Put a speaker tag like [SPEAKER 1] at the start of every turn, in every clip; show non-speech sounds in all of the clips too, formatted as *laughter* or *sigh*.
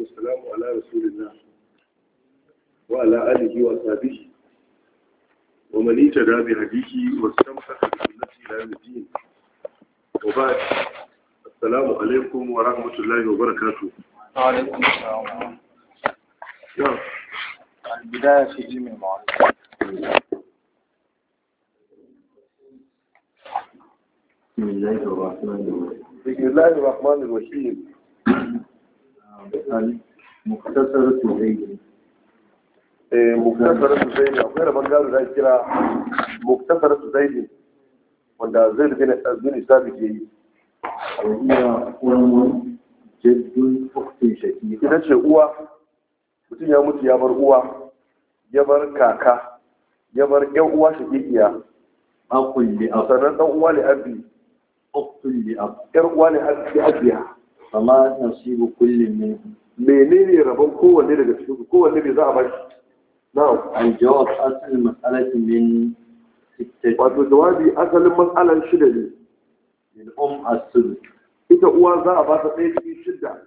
[SPEAKER 1] wasalamu ala rasulina wa ala alihi wa sabihi wa manita da bi hadisi wa samta da sunnati ila yaumiddin wa ba'd assalamu alaikum wa rahmatullahi wa barakatuh wa alaikum assalam ya al bidaya fi jimi ma'al بسم الله الرحمن الرحيم muktasar tuzaini eh muktasar tuzaini akwai rabon gado da kira muktasar tuzaini wanda zai bin azmin sabi ke yi iya uwan jaddun uktin shaki ita ce uwa mutum ya mutu ya bar uwa ya bar kaka ya bar yan uwa shakikiya akun li ab sanan dan uwa li abi uktun li ab yar uwa li abi abiya amma nasibu kullum ne menene rabon kowanne daga cikin ku kowanne ne za a bashi na al-jawab asal mas'alati min wato jawabi asalin mas'alan shida ne min um asl ita uwa za a ba ta ɗaya cikin shida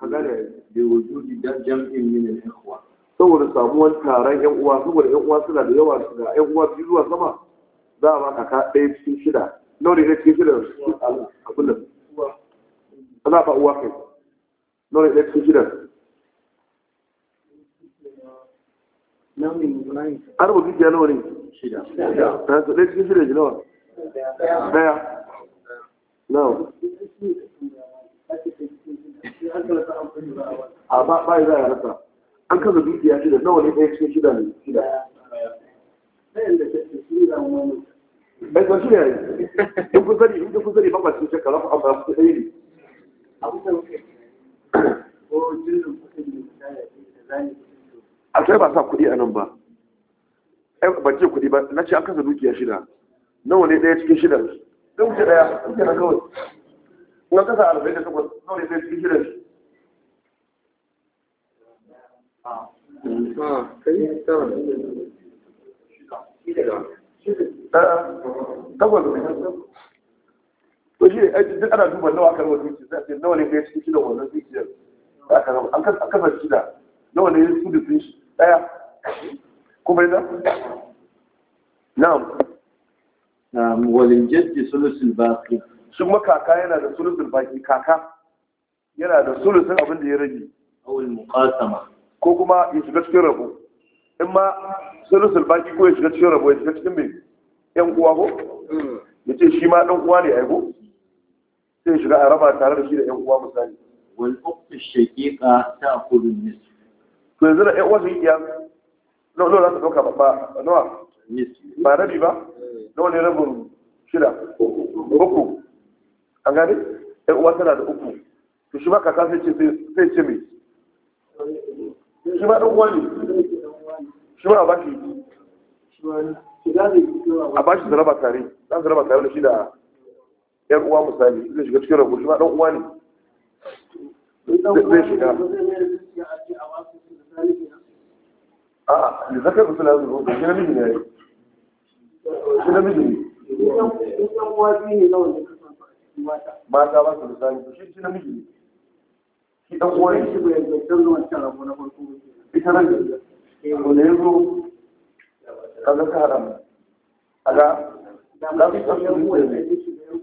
[SPEAKER 1] a gane da wujudi da jam'in min al-ikhwa saboda samuwar taron yan uwa saboda yan uwa suna da yawa suna yan uwa biyu zuwa sama za a ba ka ɗaya cikin shida nawa ne cikin shida za fa uwa kai ɗaya cikin gidan an rubuta dukiya nawa ne shida ta su ɗaya cikin shida ji ɗaya nawa a ba ba za a rasa an kasa dukiya shida nawa ne ɗaya cikin shida ne ɗaya cikin shida ne Ɗaya kun sani in kun sani ba ba cikin shakka za ku ta su ɗaya ne a ba sa kuɗi a nan ba eh, ban ce kuɗi ba na ce an kasa dukiya shida nawa ne ɗaya cikin shida don wuce ɗaya wuce na kawai na kasa arba'in da takwas nawa ne ɗaya cikin shida ah, takwas to shi ne eh, duk ana duba nawa kan wani zuciya sai nawa ne kai cikin shi da wannan zuciyar aka raba an kasa shi nawa ne su da sun shi daya kuma ina na'am na'am walin jaddi sulusul baqi shi kuma kaka yana da sulusul baki? kaka yana da sulusun abin da ya rage awul muqasama ko kuma ya shiga cikin rabo in ma sulusul baki ko ya shiga cikin rabo ya shiga cikin mai yan uwa ko hmm. ya ce shi ma ɗan uwa ne aiko sai shiga a raba tare da shi da ƴan uwa misali wal ukhtu shaqiqa ta'khudhu nisf to yanzu da ƴan uwa su yi kiyas nawa nawa za ta dauka ba nawa ba rabi ba eh. nawa ne rabin shida uku an gani ƴan uwa tana da uku to shi ma kaka sai ce sai ce me shi ma ɗan uwa ne shi ma a shi a bashi su raba tare za su raba tare da shi da yar uwa misali zai shiga cikin rabu shi ma dan uwa ne zai shiga a'a da zakar musu lazu ko shi miji ne shi miji ne mata ba su misali shi shi ne shi dan uwa ne shi bai na farko ita nan da ka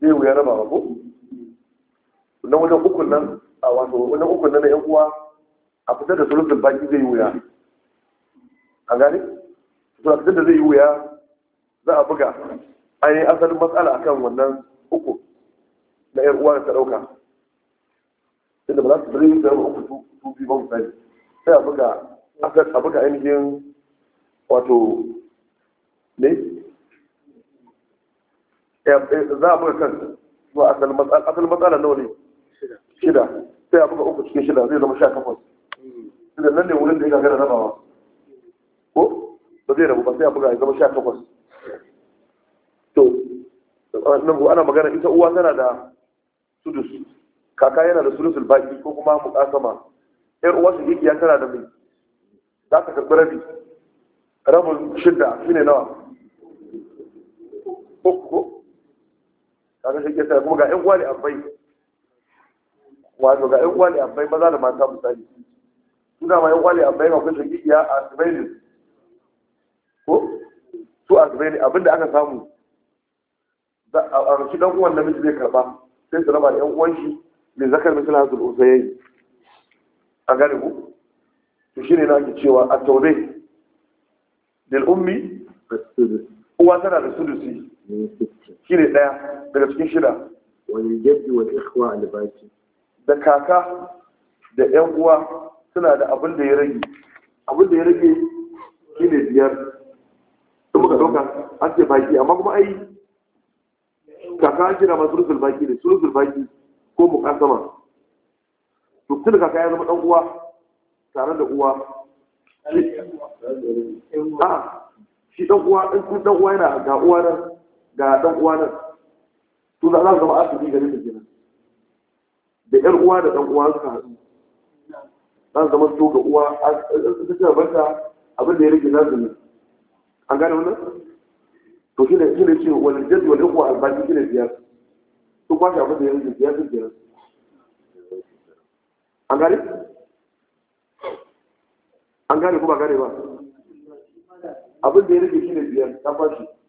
[SPEAKER 1] zai wuya raba ba ko na wajen hukun nan a wato wajen hukun nan na yan uwa a fitar da sulusun baki zai wuya a gane su a fitar da zai wuya za a buga an yi asalin matsala kan wannan uku na yan uwa da ta dauka inda ba za su zai da uku su bi ba misali sai a buga a buga ainihin wato ne Eh, eh, za a buga kan zuwa asalin matsala nawa ne shida sai a buga uku cikin shida zai zama sha kafas. Hmm. shida nan ne wurin da ya gagara rabawa ko ba zai rabu ba sai a buga ya zama sha kafas. to nan ana magana ita uwa tana da sudus kaka yana da sudusul baki ko kuma mukasama yar uwa su yake tana da mai za ka karɓi rabi rabin shida shine nawa uku kaga shi ke sai kuma ga ƴan uwa ne abai wato ga ƴan uwa ne abai maza da mata misali su da ma ƴan uwa ne abai ga kusa giya a zubaini ko su a zubaini abinda aka samu a rashi dan uwan namiji zai karba sai su raba da ƴan uwan shi mai zakar misali hazul usayayi a gane ku to shine na ake cewa a taube lil ummi uwa tana da sudusi shi ne ɗaya daga cikin shida wani jaddi wa ikhwa albaki da kaka da 'yan uwa suna da abin da ya rage abin da ya rage shi ne biyar in muka ɗauka an ce baki amma kuma ai kaka an kira masu rusul baki ne su baki ko mukasama to tun kaka ya zama ɗan uwa tare da uwa a shi ɗan uwa ɗan uwa yana ga uwa nan ga dan uwa nan to za su zama asibi gare da kenan da yar uwa da dan uwa suka haɗu za su zama to ga uwa ta ce banta abin da ya rage nasu ne an gane wannan to shi ne shi ne ce wani jaddi wani uwa albashi shi ne biyar ba kwashe abin da ya rage biyar sun biyar. an gane an gane kuma gane ba abin da ya rage shi ne biyar ta fashi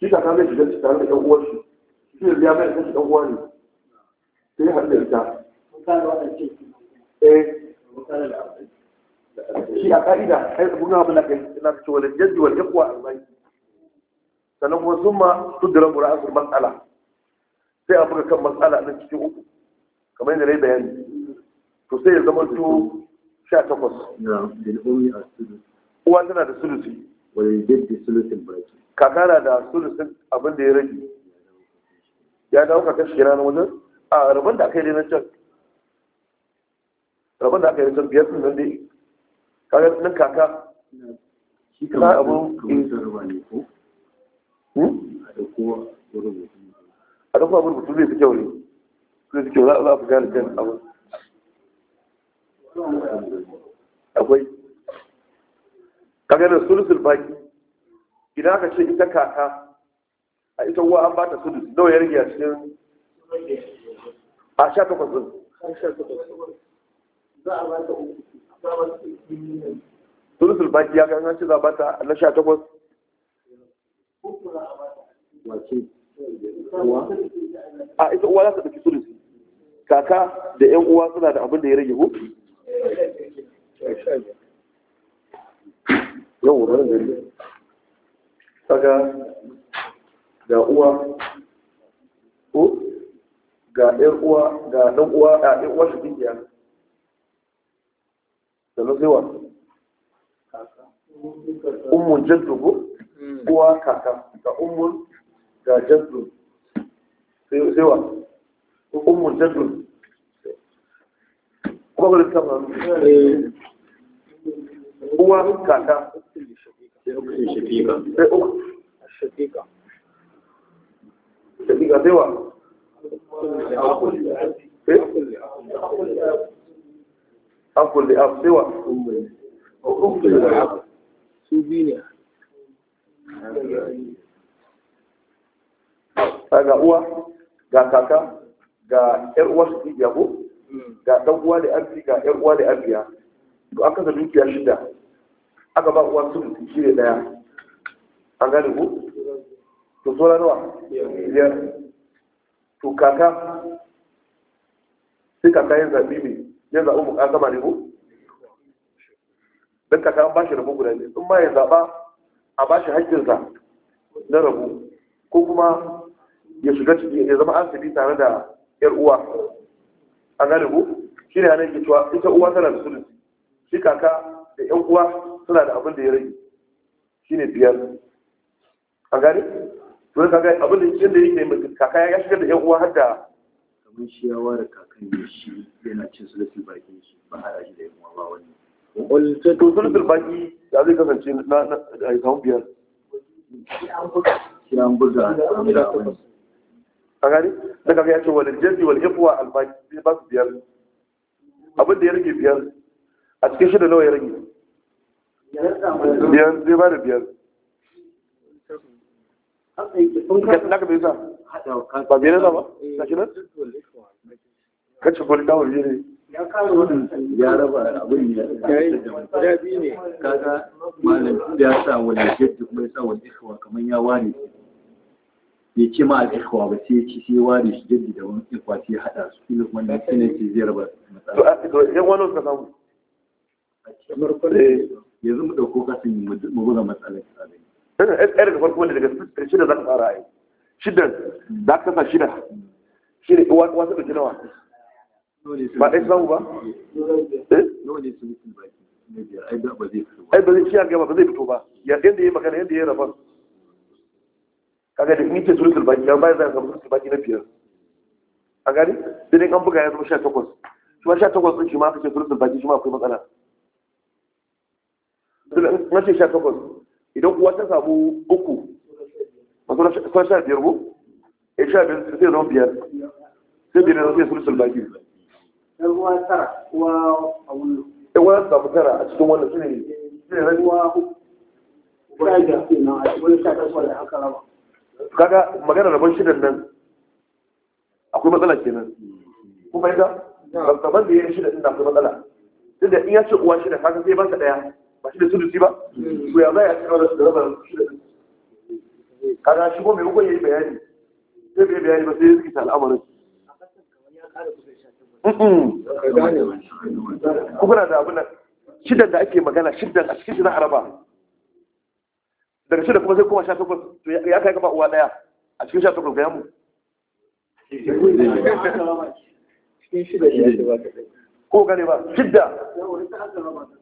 [SPEAKER 1] shi ka ta zai shiga ciki tare da ɗan uwar shi shi ne ya mai kashi ɗan uwa ne sai ya haɗu da ita eh. shi a ka'ida kai abun abin da kai ina ka ce wani jajji wani yakuwa arba'in sannan kuma sun ma tudura mura'asar matsala sai a buga kan matsala ɗin cikin uku kamar yadda na yi bayani to sai ya zama to sha takwas uwa tana da sulusi wani jaddi sulusin baki kakana da sulusun abin da ya rage ya dawo ka kashi na wajen a rabin da aka yi na can rabin da aka yi na can biyar sun nan dai kaga nan kaka shi kama abu eh. hmm? a da kuma a rubutu zai fi kyau ne zai fi kyau za a fi gane can abu akwai kaga da sulusun baki idan aka ce ita kaka a ita uwa an bata sudu nawa ya rage a cikin a sha takwas ɗin sulusul baki ya kan ce za bata na sha takwas a ita uwa za ta ɗauki sulusi kaka da yan uwa suna da abin da ya rage ko yau wurin da kaga ga uwa ko ga ɗan uwa ga ɗan uwa a ɗan uwa shi dukiya da na zewa umun jaddu ko hmm. uwa kaka ga umun ga jaddu sai zewa umun jaddu kuma ba da kama eh. uwa kaka sai uku shafiƙa sai shafiƙa sai wa akul da akul sai wa su biyu ne ga uwa ga kaka ga yar uwa su ga dan hmm. uwa da ga yar uwa da to aka shida aka ba uwa sun shi ne daya an gani ku to tsora nawa biyar to kaka sai kaka yin zaɓi ne ya zaɓi mu kaka ne ku don kaka an ba shi rabu guda ne sun ma ya zaɓa a ba shi haƙƙinsa na rabu ko kuma ya shiga ciki ya zama sabi tare da yar uwa an gani ku shi ne hannun ke cewa ita uwa tana da sulusi shi kaka da yan uwa suna da abin da ya rage shine biyar a gani to ka ga abin da ya da yake mai kaka ya shigar da yan uwa har da kamar shi ya ware kakan ya shi yana cin sulufi bakin shi ba a shi da yan uwa ba wani to sulufin baki ya zai kasance na na kawo biyar kiran buga a gani da kaga ya ce wani jazi wal ifwa albaki baki ba su biyar abin da ya rage biyar a cikin shida nawa ya rage biyar zai ba da biyar na ka bai sa ba biyar na ba na shi nan kacin kwalin dawo biyar ne ya kare waɗansu ya raba abin ya yi ya biyu ne kaga malam ya sa wani yadda kuma ya sa wani ikhwa kamar ya ware ya ce ma al'ikwa ba sai ya ci sai ya ware shi jaddi da wani ikwa sai haɗa su ilimin da sai ne ce zai raba matsala. to a cikin wani suka samu yanzu mu dauko kasin mu buga matsalar tsarin tana da daga farko wanda daga shida za ka fara a yi shida za ka kasa shida shida uwa uwa ta ɗauki nawa ba ɗaya samu eh? Eh? ba ai ba zai ciya gaba ba zai fito ba yadda yadda ya magana yadda ya rabar kaga da ni ce surutul baki ya bayan zai samu surutul baki na biyar a gani sai dai an buga ya zama sha takwas shi ma sha takwas ɗin shi ma aka ce surutul baki shi ma akwai matsala na ce sha takwas idan uwa ta samu uku masu sha biyar ko ya eh, sha biyar sai zama biyar sai biyar zama sai sulusul baki eh, uwa tara uwa a wulu uwa ta samu tara a cikin wannan shine shine rabi uwa kaga magana rabon shidan nan akwai matsala kenan kuma ita ban da ya yi shida din da akwai matsala duk da in ya ce uwa shida kaga sai ba ta daya ba shi da sulusi ba to ya za a cikin wadda da raba shi da kaga shi ko mai hukun ya yi bayani sai bai bayani ba sai ya zikita al'amarin kuna da abin nan shidan da ake magana shidan a cikin shi za a daga shida kuma sai kuma sha takwas ya kai gaba uwa daya a cikin sha takwas ga yamu ko gane ba shidda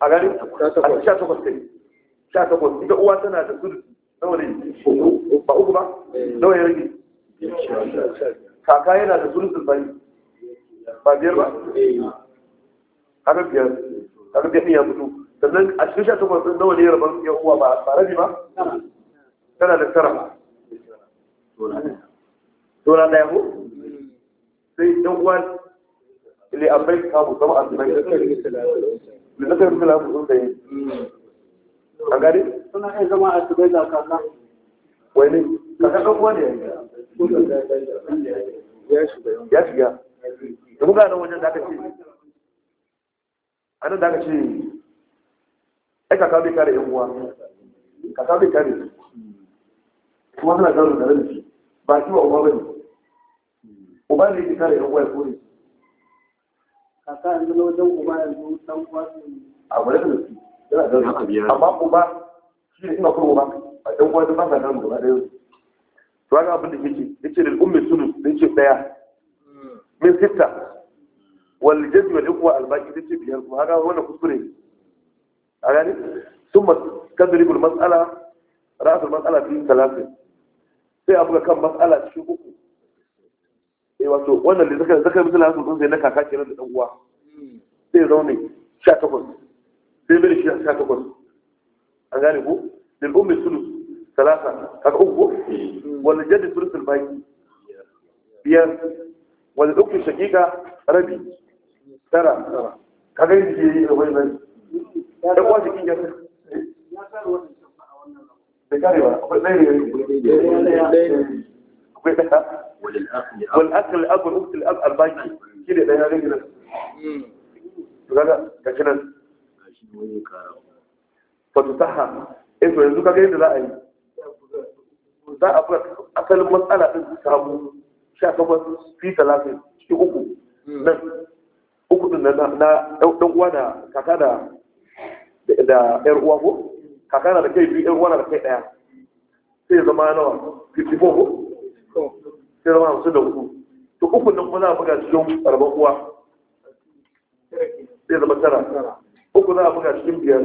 [SPEAKER 1] a gani a sha takwas kai sha takwas ita uwa tana da gudu nawa ba uku ba nawa rage kaka yana da sulusun bari ba biyar ba haka biyar haka biyar ya mutu sannan a cikin sha takwas ɗin nawa ne rabon ya uwa ba ba rabi ba tana da tara tona na ko sai dan uwa ili abai kamu zama a cikin da zakar nke ku sun tsaye a gari suna kai zama a tubai da kaka wani kaka kan wani ya shiga da muka nan wajen da aka ce a nan da aka ce ai kaka bai kare yan uwa kaka bai kare kuma suna kare da rabi ba shi ba uba ba ne uba ne kare yan uwa ya kore kaka yanzu na wajen uba yanzu dan kwasu a wani da su yana da su amma uba shi ne ina kurwa ba a dan kwasu ba sa nan gaba ɗaya to haka abin da yake ce da ummi sunu da yake ɗaya. min sitta wal jaddi wal iqwa al baqi tace biyar kuma haka wannan kuskure a gani ثم تدرب المسألة رأس المسألة في ثلاثة sai abuga kan matsala cikin uku eh wato wannan da zakar zakar misali hasu tsuntsaye na kaka kenan da dan uwa sai zaune 18 sai bai shi 18 an gane ko lil ummi sulus salasa kaga uku wal jadd sulus al biyar wal ukki shaqiqa rabi tara kaga yi yi da wannan da uwa jikin ya da karewa akwai ɗaya ne akwai ɗaya والأخ الأب والأخت الأب الباقي كده ده يعني كده kaga ga kinan fatutaha eto yanzu kaga yadda za a yi za a buga asalin matsala din su samu a takwas fi talatin cikin uku uku din na ɗan uwa da kaka da da uwa ko kaka na da kai biyu yar uwa na da kai ɗaya sai zama nawa 54 ko sai zama da a buga cikin uwa zai zama tara uku za a buga cikin biyar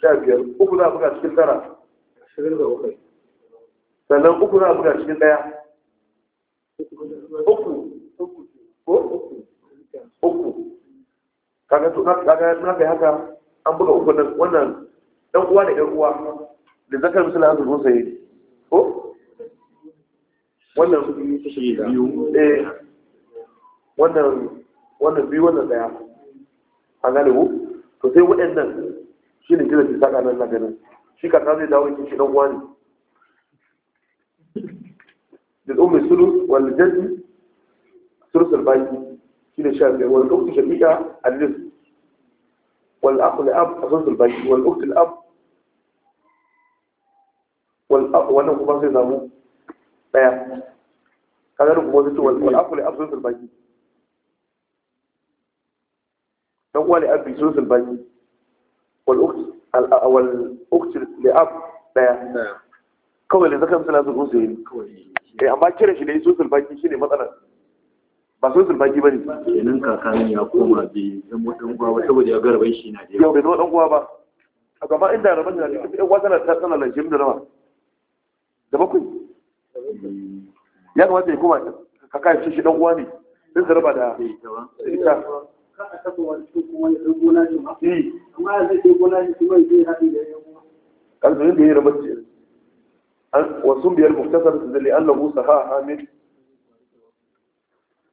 [SPEAKER 1] sha biyar uku za a buga cikin tara sannan uku kai haka an buga uku wannan da yan da zakar misali an zuwa sai wannan biyu eh wannan wannan biyu wannan daya an gane ku to sai waɗannan shi ne jira saka nan na ganin shi kaka zai dawo yake shi dan wani da ummi sulu wal jaddi sulusul baki shi ne sha biyar wal uktu shafi'a a lis wal akhu li ab sulusul baki wal uktu al-ab wal wannan kuma sai zamu daya kaga duk kuma zuwa wal aqul abzu fil baqi dan uwa li abi zuwa fil baqi wal ukht wal ukht li ab daya kawai da zakan sala zuwa zai eh amma kira shi ne sun fil shi ne matsalar ba sun sulfaki ba ne kenan kakanin ya koma bi zan mutum kuwa wata saboda ya garban shi na da yau bai zama dan uwa ba a gaba inda rabar da tafi yan wata tana lanshe da rawa da bakwai ya kamata ya koma ka kai shi dan uwa ne sai zarba da ita ka a taɓa wani cikin gona shi ma amma zai gona shi kuma haɗu da ya da ya ce wasu biyar muktasar da saha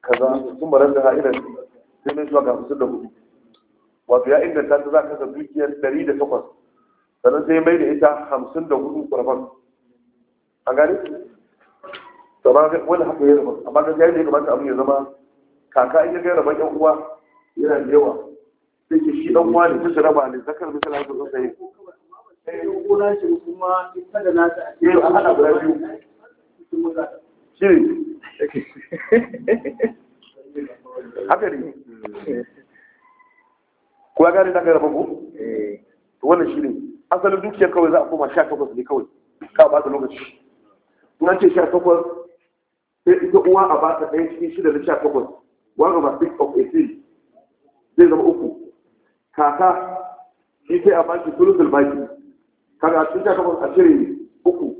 [SPEAKER 1] kaza sun barar da sai mai zuwa ga hamsin da hudu wato ya inganta ta za ka dukiyar ɗari da takwas sannan sai mai da ita hamsin da hudu ƙwarfan an gane to ba wani haka ya zama amma ga jayi da kamata abin ya zama kaka in ya ga raba yan uwa yana da yawa sai ke shi dan uwa ne su raba ne zakar misali haka zan sai kuma ita da nata a cikin hada guda biyu shi haka ne kuwa gane na gara babu wannan shi ne asalin dukiyar kawai za a koma sha takwas ne kawai ka ba da lokaci tunan ce sha takwas sai ita uwa a ba ta ɗaya cikin shida da sha takwas one over six of eighteen zai zama uku kaka shi sai a ba shi sulusul baki kaga a cikin sha takwas a cire uku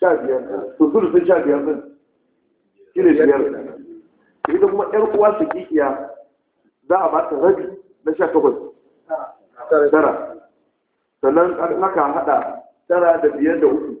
[SPEAKER 1] sha biyar to sun sha biyar din shi ne biyar ita kuma ƴar uwa su kikiya za a ba ta rabi na sha takwas tara sannan naka haɗa tara da biyar da uku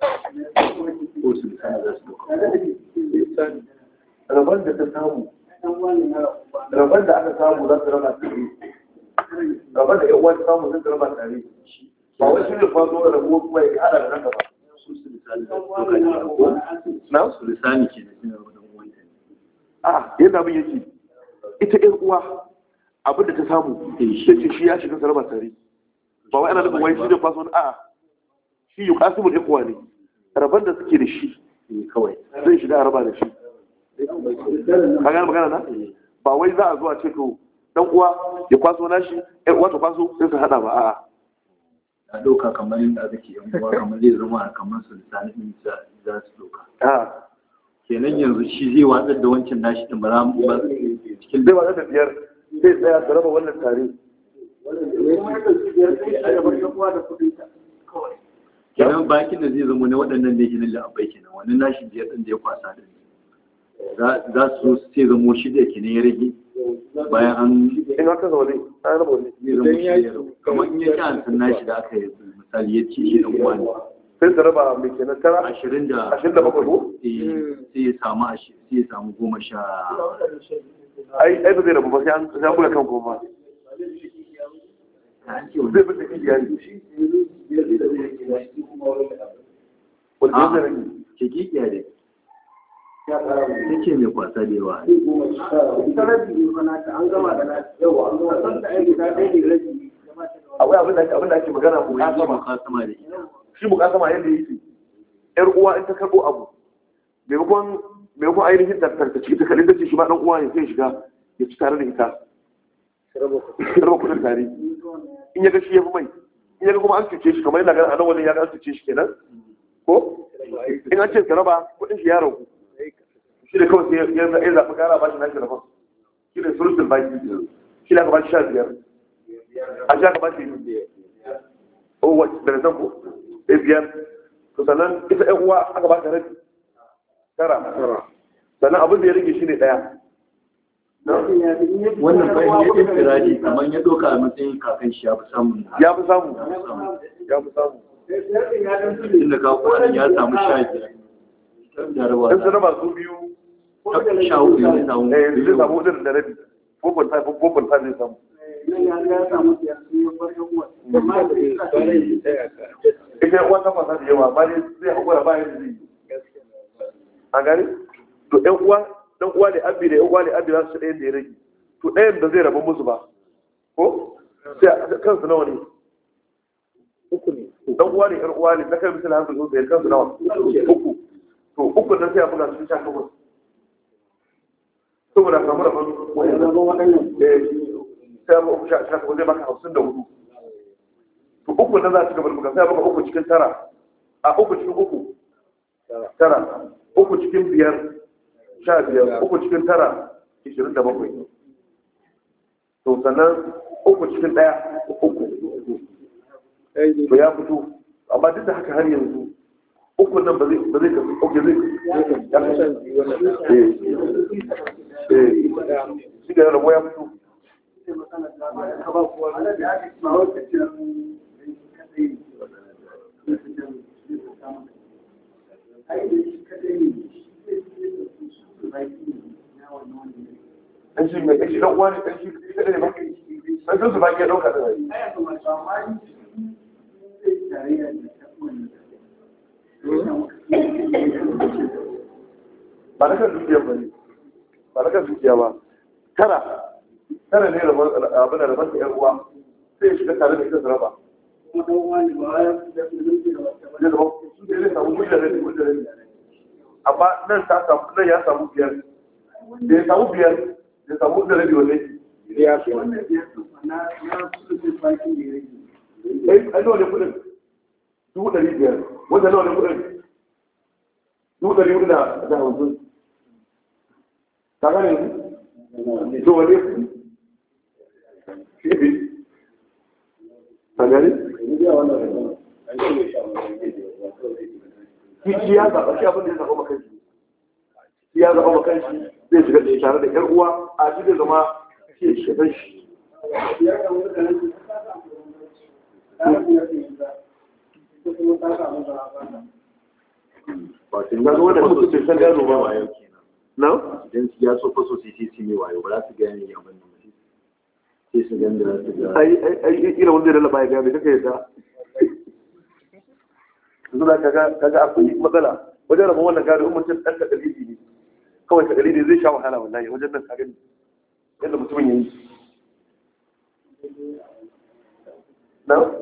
[SPEAKER 1] ko su sana za su rabar da ta samu rabar da aka samu za su raba tare rabar da yawan samu za su raba tare ba wai shi ne fazo da rabo kuma ya hada da nan ba. na su lisani ke da suna rabar da uwanta a yadda abin yake ita ƴan uwa abin da ta samu sai ce shi ya shiga su raba tare ba wai ana da uwa shi ne fazo a shi yi kasibul ikuwa ne rabar da suke da shi kawai zai shiga a raba da shi ka gane magana na ba wai za a zuwa ce to dan uwa ya kwaso nashi ɗan uwa ta kwaso sai su hada ba a'a a ɗauka kamar yadda ake yan uwa kamar zai zama a kamar su da lissanin za su ɗauka kenan yanzu shi zai watsar da wancan nashi ɗin ba za mu ba cikin zai watsar da biyar zai tsaya su raba wannan tare kenan bakin da zai zama ne waɗannan da ginin la'abai kenan wani nashi biyar ɗin da ya kwasa da ne za su zama sai da ke ya rage bayan an in haka ya yi kamar in ci nashi da aka yi misali ya ci shi da kuma ne ashirin da bakwai ko eh, sai ya samu ashirin goma sha an kula to zai fi tafi iyali shi wanda zai ke gigiya ne Ta ce mai kwasa da yawa akwai abin da abin da ake magana ko ya sama kasama da ita shi mukasama yadda yake yar uwa in ta karbo abu maimakon maimakon ainihin ta ta ciki ta kalin ta ce shi ma dan uwa ne sai shiga ya ci tare da ita raba kudin tare in ya ga shi ya fi mai in ya ga kuma an cuce shi kamar yana ganin anan wannan ya ga an cuce shi kenan ko in an ce raba kudin shi ya ragu shi da kawai sai ya ya zaɓi gara ba shi na shi rabon shi ne sulusul baki shi da ka ba shi sha biyar a sha ka ba shi o wace da nan ko sai eh, biyar to sannan ita ƴan uwa aka ba ta rabi tara sannan abin da ya rage shi ne ɗaya wannan bayan ya infiradi kamar ya doka a matsayin kakan shi ya fi samun ya fi samu ya fi samu inda ka ya samu sha biyar in su raba su biyu
[SPEAKER 2] sha hudu ya samu eh,
[SPEAKER 1] zai samu hudun da rabi gobal ta gobal sai zai samu ita ya kwanta masa da yawa zai zai a gari to 'yan uwa dan uwa ne abi da yan uwa ne abi za su ɗayan da ya rage to ɗayan da zai rabu musu ba ko sai kansu nawa ne uku ne dan uwa ne yan uwa ne na kai misali hankali zo da kansu nawa uku to uku nan sai a buga su sha takwas saboda a samu rabon wannan eh, sai a uku sha takwas zai baka hamsin da hudu to uku nan za su gaba buga sai a buga uku cikin tara a uku cikin uku tara uku cikin biyar sha biyar uku cikin tara ishirin da bakwai to sannan uku cikin ɗaya uku to ya fito amma duk da haka har yanzu uku nan ba zai kasu ok zai ya kasu shi da rabuwa ya fito Thank eh, eh. you. dan shi mai kashi dan uwa ne dan shi kada ne ba sai su ba ke dauka da wani ba na kan dukiya ba ne ba na kan dukiya ba tara tara ne abin da rabar da yan uwa sai ya shiga tare da ita raba kuma dan uwa ne ba ya zama su da ya samu gudanar da gudanar da amma nan ta samu nan ya samu biyar da ya samu biyar da samu da ne wanne ya fi wannan biyar na ya eh, kudin baki ne rage ai ne dubu ɗari biyar wanda nawa ne kudin dubu ɗari hudu da da hamsin ka gane ne to wane ne ka gane? shi ya zaɓa shi abin da ya zaɓa makan shi ya zaɓa zai shiga da tare da ƴar uwa a shi zai zama shi ya shiga shi ba su wanda su ce san gano ba wayo kenan na idan su ya so fa so sai sai ne wayo ba za su gane abin da mutum sai su gane da su ai ai ai irin wanda ya lalaba ya ga kake yadda. yanzu za ka ga akwai matsala wajen rabon wannan gado in mutum ɗan takalidi ne kawai takalidi zai sha wahala wallahi wajen nan kagani yadda mutumin ya yi na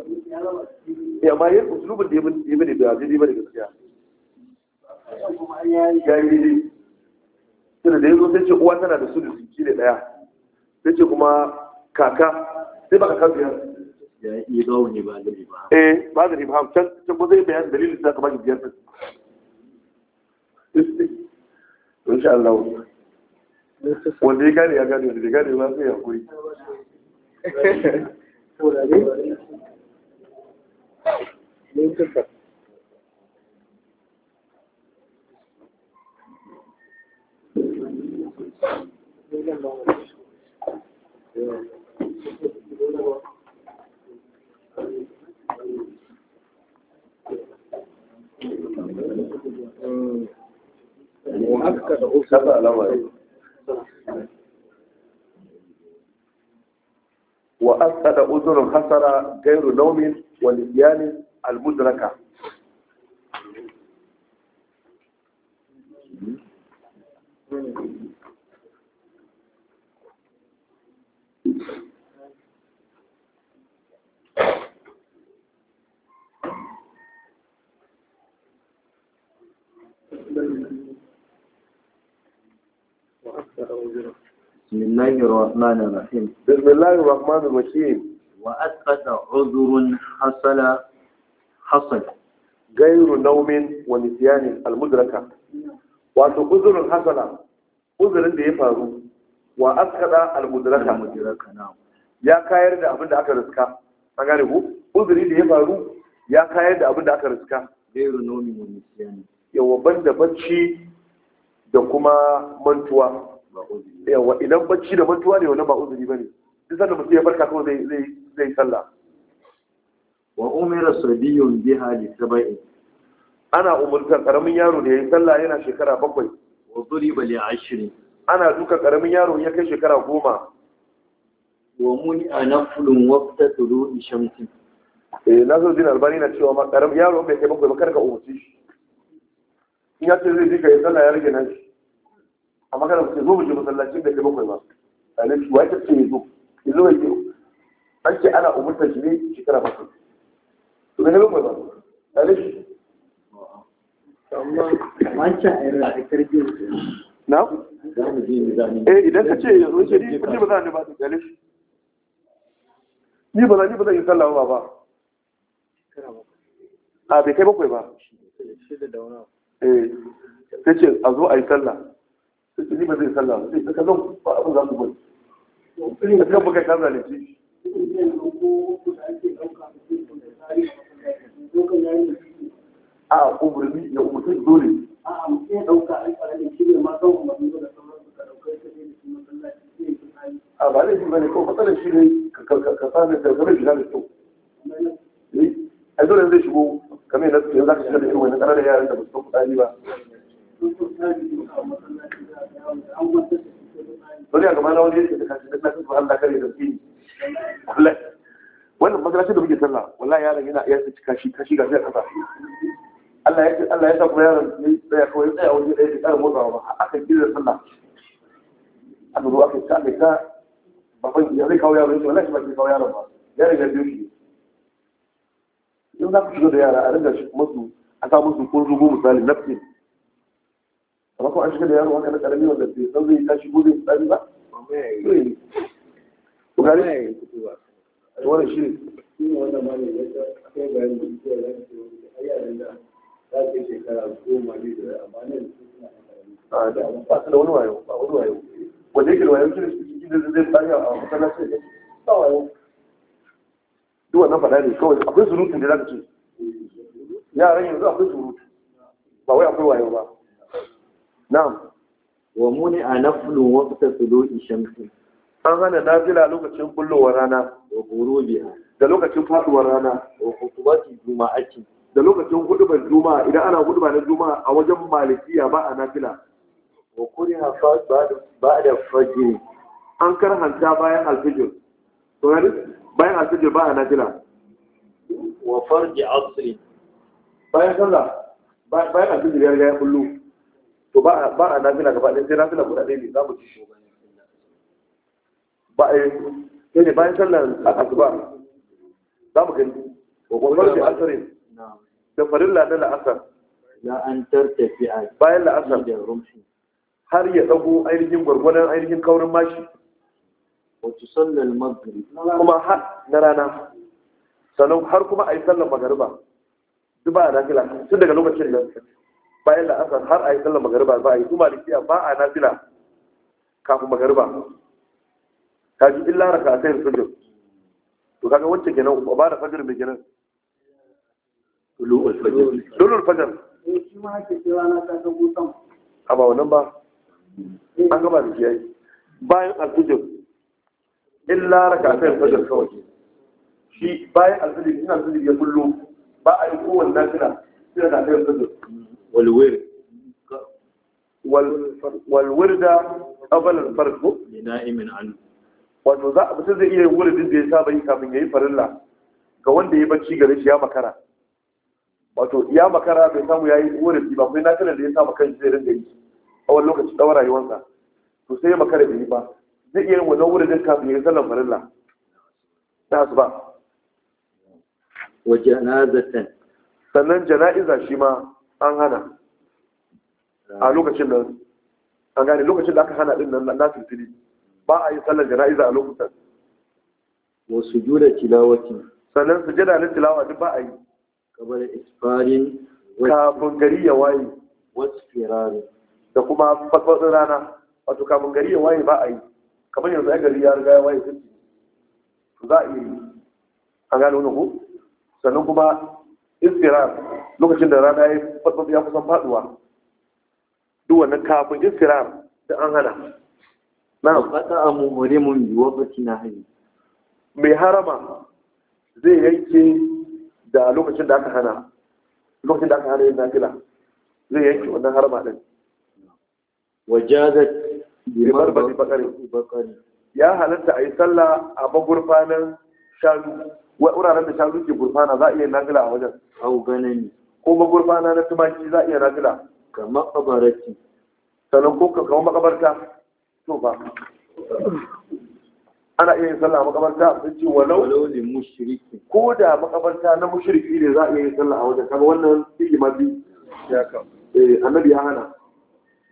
[SPEAKER 1] ya ma yin usulubin da ya bane da ajiyar da gaskiya ya yi daidai tunda da ya zo sai ce uwa tana da su da su ɗaya sai ce kuma kaka sai ba kaka biyar eh ba da can ba zai bayan dalilin da insha Allah wanda ya gane ya gane wanda ya gane ba ya kuri Thank *laughs* you. mu'akkada usul al'amari wa asada uzurun hasara gairu naumin wa nisyanin you. بسم الله الرحمن الرحيم بسم الله الرحمن الرحيم وأثبت عذر حصل حصل غير نوم ونسيان المدركة wato uzurin hasana uzurin da ya faru wa askada almudraka ya kayar da abin da aka riska an gane ku uzuri da ya faru ya kayar da abin da aka riska gairu nomi wa bacci da kuma mantuwa yawa idan bacci da mantuwa ne wannan ba uzuri bane duk sanda mutum ya farka kawai zai yi sallah wa umira sabiyun biha li sabai ana umurtar karamin yaro da yi sallah yana shekara bakwai wa duriba li ashri ana duka karamin yaro ya kai shekara goma wa muni anaflun waqta tulu'i shamsi eh nazo albani na cewa ma karamin yaro bai kai bakwai ba kar ka umurci shi in ya ce zai je ka yi sallah ya rage nan amma kana ce zo mu je masallacin da ke bakwai ba ɗalib shi ce ya zo ya an ce ana umurta shi ne shekara bakwai to ne bakwai ba ɗalib shi a na? eh idan ka ce yanzu ce ni ba za ni ba ta ɗalib ni ba za ni ba zan yi sallah ba ba a bai kai bakwai ba eh sai ce a zo a yi sallah sai ni ba zai sallah ba sai ka kallon ba abin za ku bai sai kan baka kaza ne a umarni dole a da ne umarni da da a ba ne bane ko shi ne ka da gaba da kyau eh, ai dole zai shigo kamar yadda shiga da irin da yaran da ba su kuɗa ba Wani a gaba na wani yake da kashi da kashi ba Allah kare da fi. Wannan masalacin da muke sallah, wala yaron yana iya ci kashi kashi ga zai kasa. Allah ya Allah ya sa kuma yaron ne tsaya kawai tsaya wani da ya tsara motsawa ba aka kira sallah. Aka zo aka ta aka ta baban ya zai kawo yaron shi wallahi ba zai kawo yaron ba. Yaron ya biyo shi. Yau za ku shiga da yara a ringa shi musu a sa musu ko rubu misali nafsin amma ko an shiga da yaro haka na karami wanda bai san zai tashi gobe ya tsari ba gari to wannan shi ne wannan ah, ma ne ya kai bayani da ya ce da za ta shekara goma ne da amma ne a da ba su da wani wayo ba wani wayo wanda yake da wayo shi ne cikin da zai tsari a masallacin da ba wayo duk wannan faɗa ne kawai akwai surutun da za ka ce yaran yanzu akwai surutu ba wai akwai wayo ba na'am wa muni a naflu waqta tulu'i shamsi an hana nafila lokacin bullowar rana wa ghurubiha da lokacin faduwar rana wa juma'a ce, da lokacin hudubar juma'a idan ana hudubar na juma'a a wajen malikiya ba a nafila wa ba da fajr an karhanta bayan alfijir to bayan alfijir ba a nafila wa farji asri bayan sallah bayan alfijir ya riga ya kullu to ba a nafila gaba ɗaya sai nafila guda ɗaya ne za mu ci shi ba a eh, sai ne bayan sallar asuba za mu gani wa gwamnar da asarin da farilla na la'asar bayan la'asar har ya ɗago ainihin gwargwadon ainihin kaurin mashi wacce sallar magrib kuma har na rana sannan har kuma a yi sallar magariba duk ba a nafila tun daga lokacin da bayan la'asar har a yi sallar magariba za a yi da kiyar ba a nafila kafin magariba ta ji illa ka sayar fajr to kaga wacce gina ba da fajr mai gina lulul fajr lulul fajr eh, shi ma ake cewa na ta a ba wannan ba an gaba da kiyaye bayan alfajr illa raka sai fajr kawai shi bayan alfajr ina alfajr ya kullum ba a yi kowanne nafila sai da kai fajr والورد والورد قبل الفرق لنائم عنه wato za mutum zai iya yin wuridin da ya saba yi kafin ya yi farilla ga wanda ya bacci gare shi ya makara wato ya makara bai samu ya yi wuridi ba kuma nafilar da ya saba kan zai rinda yi a wani lokaci tsawon rayuwarsa to sai ya makara bai yi ba zai iya yin wannan wuridin kafin ya yi sallan farilla na ba wa janazatan sannan jana'iza shi ma an hana a lokacin nan an gane lokacin da aka hana din nan na tilfili ba a yi sallar jana'iza a lokutan wa sujuda tilawati sannan sujada na tilawa duk ba a yi kamar isfarin kafin gari ya waye wasu firari da kuma fasfasin rana wato kafin gari ya waye ba a yi kamar yanzu ai gari ya riga ya waye sun za a iya yi an gane wani ku sannan kuma istirar lokacin da rana ya kusan faduwa duk wannan kafin istirar da an hana na fata a mummure mun yi wakati na hanyar mai harama zai yanke da lokacin da aka hana lokacin da aka hana yin nafila zai yanke wannan harama din wajazat limar bakari ya halatta a yi sallah a magurfanin shanu wuraren da shanu ke gurfana za a iya nafila a wajen au ganani ko magurfana na tumaki za a iya nafila ga makabarci sannan ko kawo makabarta to ba ana iya yin sallah a makabarta sun ce walau ne mushriki ko da makabarta na mushriki ne za a iya yin sallah a wajen kaga wannan fiye ma bi ya eh annabi ya hana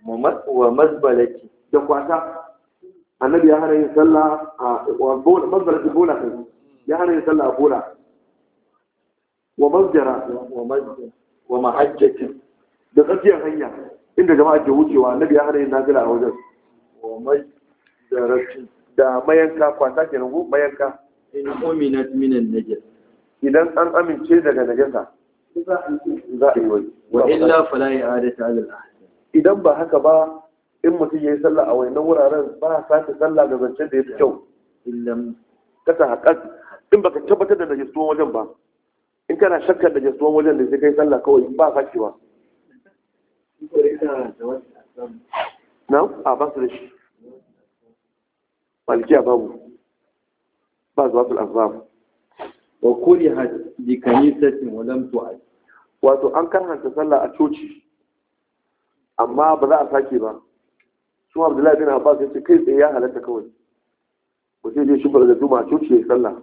[SPEAKER 1] wa mazbalati da kwata annabi ya hana yin sallah a wa mazbalati bola kai ya hana yin sallah a bola wa mazjara wa mahajjatin da tsakiyar hanya inda jama'a ke wucewa annabi ya hana yin nafila a wajen wa masjaratin da mayanka kwasa ke nan mayanka in uminat minan najas idan an amince daga najasa za a yi wani wa illa fala ya adata alal idan ba haka ba in mutum ya yi sallah a wannan wuraren ba a sake sallah ga zancen da ya fi kyau illam kasa haƙas in baka tabbatar da najistuwan wajen ba in kana shakkar da najistuwan wajen da sai kai sallah kawai ba ba na a ba su da shi a babu ba zuwa su azam wa kuri bi kanisatin wa lam tu'ad wato an karhanta sallah a coci amma ba za a sake ba su abdullahi bin abbas su ce kai tsaye ya halatta kawai sai zai shi da juma'a coci ya sallah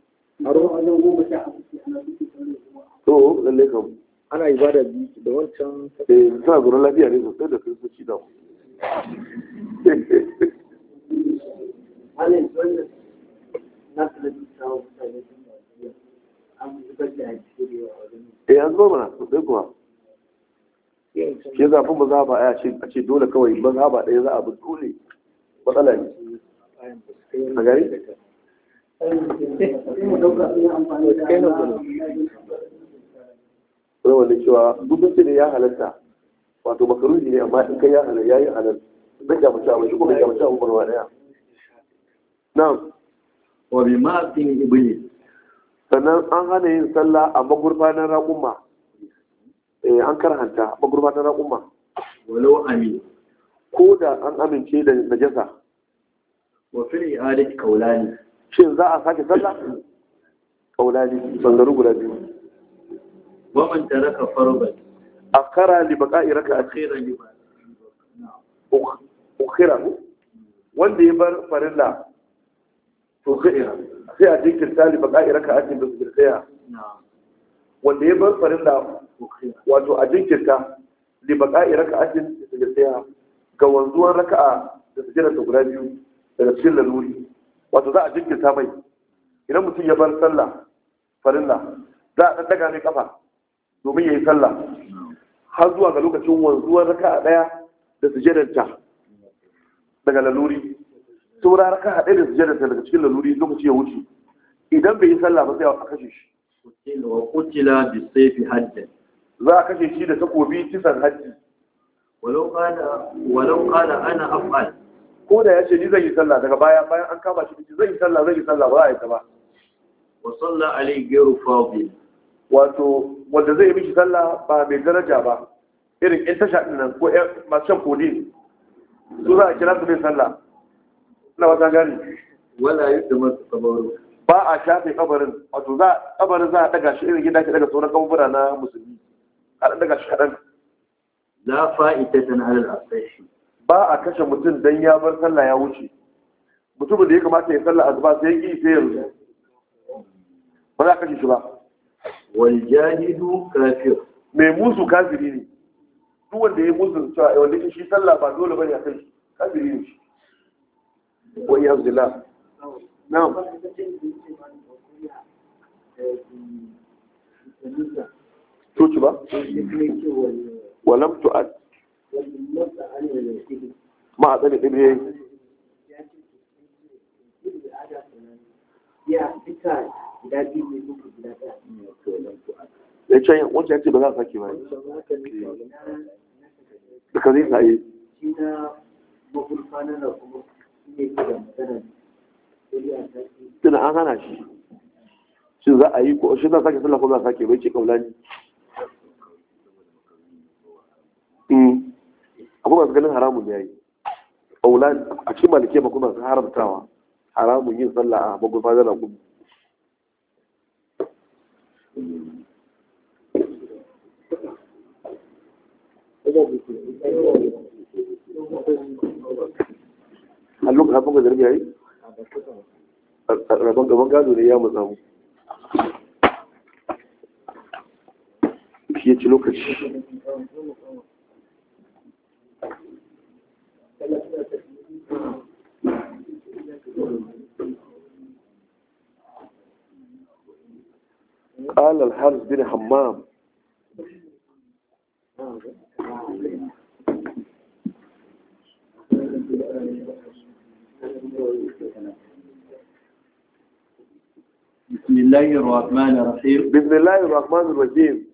[SPEAKER 1] to lalle kam ana ibada biyu da wancan eh suna gurin lafiya ne sosai da kristoci da Eh an zo mana sosai kuwa. Ke zafin ba za ba a ce dole kawai ba za ba ɗaya za a bi dole matsala ne. A gari? Kuma wanda cewa gudunci ne ya halatta, wato makaruni ne amma in kai ya halatta ya yi halatta, bai jamuci abu shi kuma jamuci abu barwa daya. Na'am. Wa bi ma'asin ibili. Sannan an hana yin sallah a magurfanar raƙumma. Eh an karhanta magurfanar raƙumma. Walau amin. Ko da an amince da najasa. Wa fil i'adati qawlani. shin za a sake sallah kaulali bangaru guda biyu wa man taraka farban akhara li baqa'i raka'at akhira li ukhira wanda ya bar farilla to khaira sai a jinkirta li baqa'i raka'at da su tsaya wanda ya bar farilla wato a jinkirta li baqa'i raka'at da su tsaya ga wanzuwan raka'a da ta guda biyu daga cikin laluri wato za a jinkirta mai idan mutum ya bar sallah farilla za a daga mai kafa domin ya yi sallah har zuwa ga lokacin wanzuwar raka ɗaya da sujadarta daga laluri saura raka ɗaya da sujadarta daga cikin laluri lokaci ya wuce idan bai yi sallah ba sai a kashe shi kutila bi sayfi hadda za a kashe shi da takobi kisan haddi walau kana walau kana ana af'al ko da ya ce ni zai yi sallah daga baya bayan an kama shi zai yi sallah zai yi sallah ba za a yi ta ba wa salla alai gero fadil wato wanda zai yi miki sallah ba mai daraja ba irin in tasha din nan ko masu shan kodin su za a kira su mai sallah na wata gani wala yi da masu kabarin ba a shafe kabarin wato za kabarin za a daga shi irin gida ake daga sauran kabura na musulmi a daga shi kaɗan la fa'idatan alal asahi ba a kashe mutum don ya bar sallah ya wuce mutumin da ya kamata ya sallah azba sai ya ki sai ya ba za a kashe shi ba wal jahidu kafir mai musu kafiri ne duk wanda ya musu cewa eh, wanda shi sallah ba dole bane a kai shi kafiri ne shi wa ya billah na'am Toci ba? Walam tu'ad ma a ɗin ɗibiye ya ce wancan ya ce ba za a sake ba duka zai sa yi tuna an hana shi shi za a yi ko shi za a sake sallah ko za a sake bai ce kaulani akwai masu ganin haramun ya yi a cikin malike ba kuma su haramtawa haramun yin sallah a magulma da ragu a lokacin abin da zargi ya yi rabon gaban gado ne ya matsamu shi ya ci lokaci قال الحارس بن حمام بسم الله الرحمن الرحيم بسم الله الرحمن الرحيم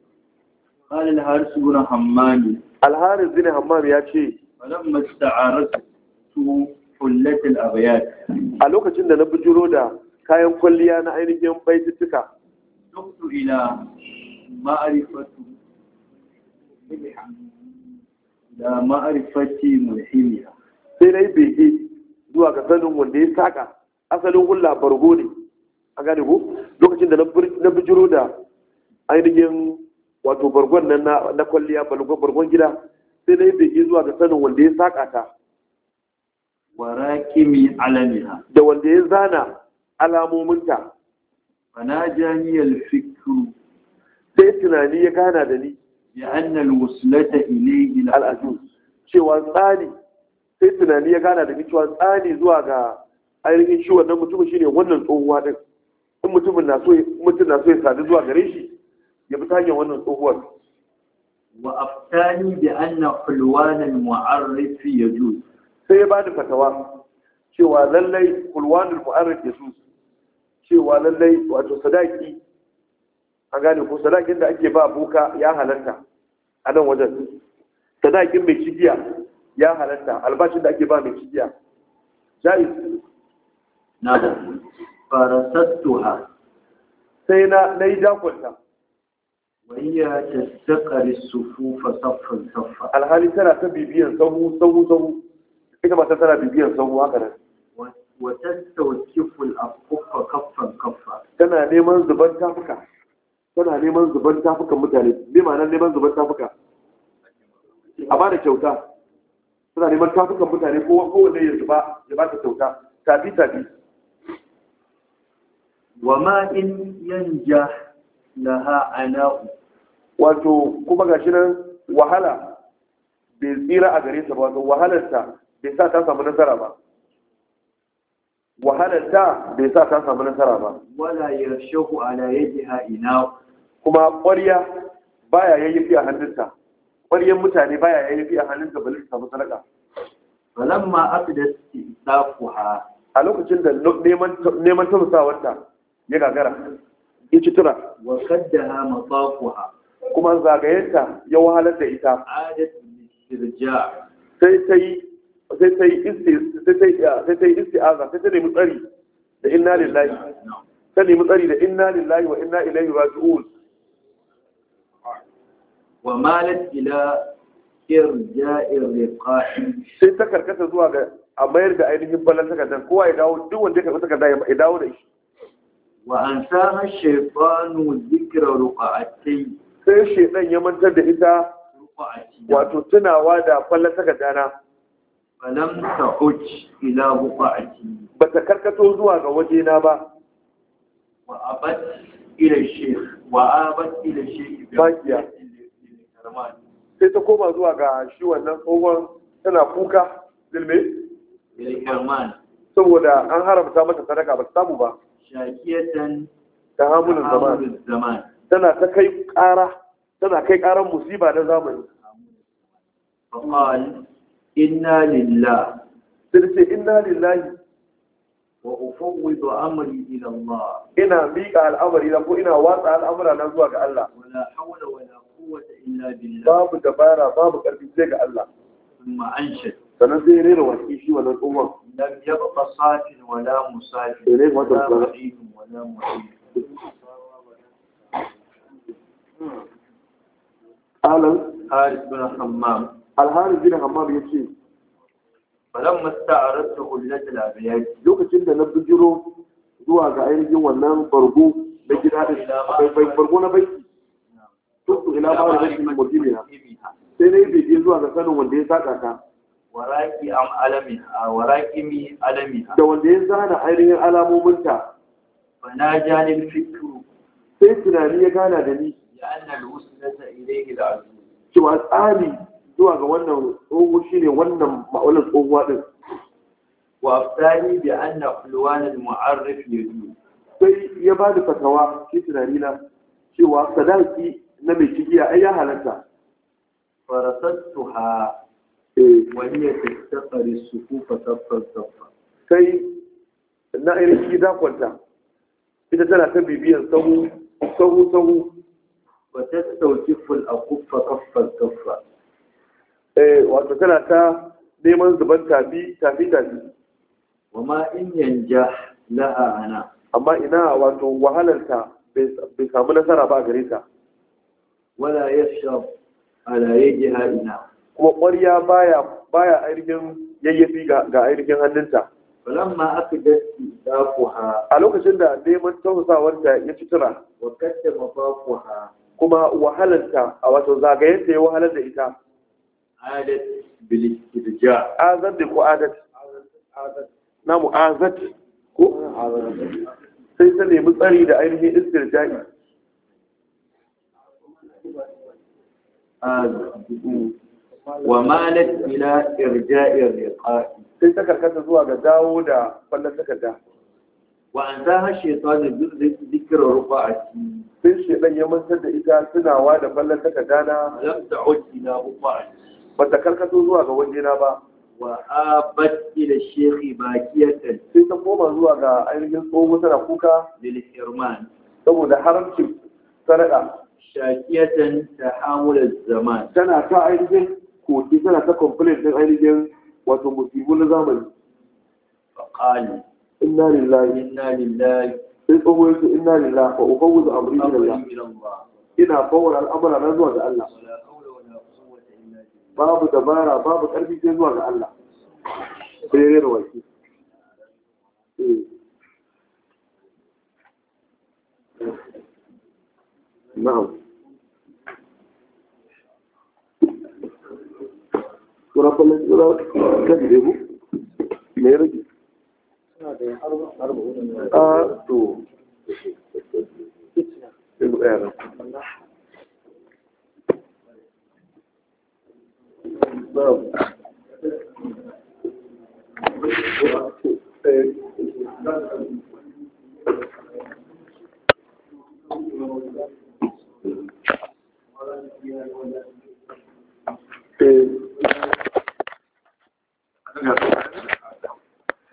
[SPEAKER 1] قال الحارس بن حمام الحارس بن حمام يا شيخ falamma sta'aratu hullatul abyad a lokacin da na bujuro da kayan kwalliya na ainihin baitittuka duktu ila ma'rifatu da ma'rifati mulhimiya sai na yi bege zuwa ga wanda ya saka asalin hulla bargo ne a gane ko lokacin da na bijiro da ainihin wato bargon na kwalliya bargon gida sai da yi bege zuwa ga sanin wanda ya saƙa ta wa rakimi alamiha da wanda ya zana alamominta fana janiyar fikiru sai tunani ya gana da ni ya annal wuslata ilayhi al'adu cewa tsani sai tunani ya gana da ni cewa tsani zuwa ga ainihin shi wannan mutumin shine wannan tsohuwa din in mutumin na so mutum na so ya sadu zuwa gare shi ya fi ta hanyar wannan tsohuwar وأفتاني بأن حلوان المعرف يجوز سيبان فتوى شوى للي حلوان المعرف يجوز شوى للي وأنت صداكي أغاني ko sadakin da ake ba boka ya halarta a nan wajen sadakin mai cigiya ya halarta albashin da ake ba mai cigiya jaiz na da farasattuha sai na na yi jakunta wayya tastaqari sufufa saffan saffa alhali tana ta bibiyan sahu sahu ita ma tana bibiyan sahu haka nan wa tastawkifu al-afqa kaffan kaffa tana neman zuban tafuka tana neman zuban tafukan mutane me ma'anar neman zuban tafuka a ba da kyauta suna neman tafukan mutane kowanne ya zuba ta kyauta tafi tafi wa in yanja laha ana'u wato kuma gashi nan wahala bai tsira a gare ta ba wato wahalarta bai sa ta samu nasara ba wahalarta bai sa ta samu nasara ba wala yarshahu ala yadiha ina kuma ƙwarya baya yayyafi a hannunta ƙwaryan mutane baya yayyafi a hannunta balin ta samu sadaka falamma aqdat istaquha a lokacin da neman neman tausawarta ya gagara ya ci tura wa kaddaha masaquha kuma zagayenta ya wahalar da ita sai ta yi sai ta yi isti'aza sai ta nemi tsari da inna lillahi ta nemi tsari da inna lillahi wa inna ilaihi raji'un wa malat ila irja'ir riqa'i sai ta karkata zuwa ga a mayar da ainihin ballan takardar kowa ya dawo duk wanda ya karɓi takardar ya dawo da shi wa an sa shaytanu dhikra ruqa'atayn sai shedan ya mantar da ita wato tunawa da kwallon takardana falam ta'ud ila Ba bata karkato zuwa ga waje na ba wa abat ila shaykh wa abat ila shaykh bakiya sai ta koma zuwa ga shi wannan tsohon tana kuka zilme saboda an haramta mata sadaka ba samu ba shakiyatan ta hamunin zaman tana ta kai ƙara tana kai ƙaran musiba na zamani qal inna lillah sai ce inna lillahi wa ufawwidu amri ila Allah ina miƙa al'amari na ko ina watsa al'amura na zuwa ga Allah wala hawla wala quwwata illa billah babu dabara babu karfi sai ga Allah thumma anshad sanan sai rera waki shi wannan umman lam yabqa safin wala musafin rera wata wala musafin قال الحارث بن حمام الحارث بن حمام يقول فلما استعرضته لنجل yi. Lokacin da na bijiro zuwa ga ainihin wannan bargo na gida da bargo na baiki tuttu ila ba da rashin mutibina sai na yi bege zuwa ga sanin wanda ya saƙa ta waraki am alami waraki mi alami da wanda ya zana ainihin alamominta bana janil fikru sai tunani ya gana da ni cewa tsari zuwa ga wannan tsoho shi ne wannan ma'aunin tsohuwa ɗin wa tsari da an na kulwanin mu'arraf ya biyu sai ya ba da fatawa shi tunani na cewa sadaki na mai cikiya ai ya halatta farasattuha wani ya tattafari su kufa taffar taffar sai na irin shi kwanta ita tana ta bibiyar sahu sahu fatastawkiful akuffa kaffal kaffa eh wato tana ta neman zuban tafi tafi tafi wama in yanja laha ana amma ina wato wahalarta bai samu nasara ba gare ta wala ya yashab ala yajiha ina kuma ƙwarya baya baya ainihin yayyafi ga ainihin hannunta ma aka dasti dafuha a lokacin da neman tausawarta ya fitura wa kaddama bafuha kuma wahalanta a wato zagayen da ya wahalar da ita adat bil azat da ku adat na mu azat ko sai ta nemi tsari da ainihin istirja'i wa malat ila irja'ir riqa'i sai ta karkata zuwa ga dawo da fallan takarda wa an ta hashe ta da dukkan rufa'a sai shedan ya mantar da ita tunawa da ballan ta gana lam ta'ud ila ufa bata karkato zuwa ga na ba wa da ila shaykh baqiyatan sai ta koma zuwa ga ainihin tsohu tana kuka lil saboda haramcin sadaka shakiyatan tahawul zaman tana ta ainihin koki tana ta complain din ainihin wato musibu na zamani faqali inna lillahi inna lillahi sai tsoho ya ce lila lillahi wa ufawwidu amri ila Allah ina fawar al'amura na zuwa ga Allah babu dabara babu karfi sai zuwa ga Allah sai da waki eh. na'am sura kallon sura kan debu me rage Ah, to Thank you.